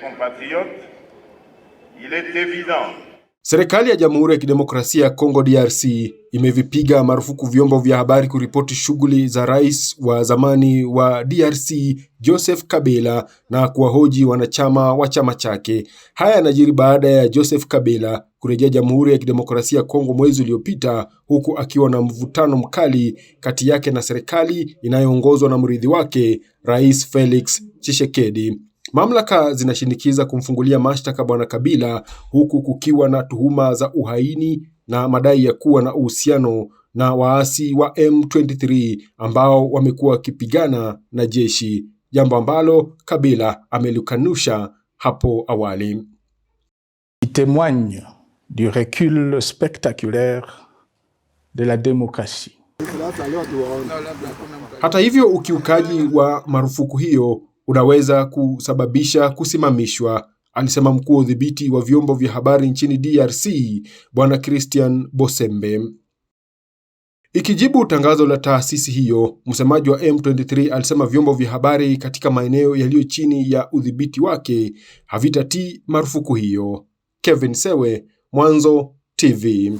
compatriotes, il est Serikali ya Jamhuri ya Kidemokrasia ya Kongo DRC imevipiga marufuku vyombo vya habari kuripoti shughuli za rais wa zamani wa DRC Joseph Kabila na kuwahoji wanachama wa chama chake. Haya yanajiri baada ya Joseph Kabila kurejea Jamhuri ya Kidemokrasia ya Kongo mwezi uliopita, huku akiwa na mvutano mkali kati yake na serikali inayoongozwa na mrithi wake Rais Felix Tshisekedi. Mamlaka zinashinikiza kumfungulia mashtaka Bwana Kabila huku kukiwa na tuhuma za uhaini na madai ya kuwa na uhusiano na waasi wa M23 ambao wamekuwa wakipigana na jeshi, jambo ambalo Kabila amelikanusha hapo awali. Il témoigne du recul spectaculaire de la démocratie. Hata hivyo, ukiukaji wa marufuku hiyo unaweza kusababisha kusimamishwa, alisema mkuu wa udhibiti wa vyombo vya habari nchini DRC Bwana Christian Bosembe. Ikijibu tangazo la taasisi hiyo, msemaji wa M23 alisema vyombo vya habari katika maeneo yaliyo chini ya udhibiti wake havitatii marufuku hiyo. Kevin Sewe, Mwanzo TV.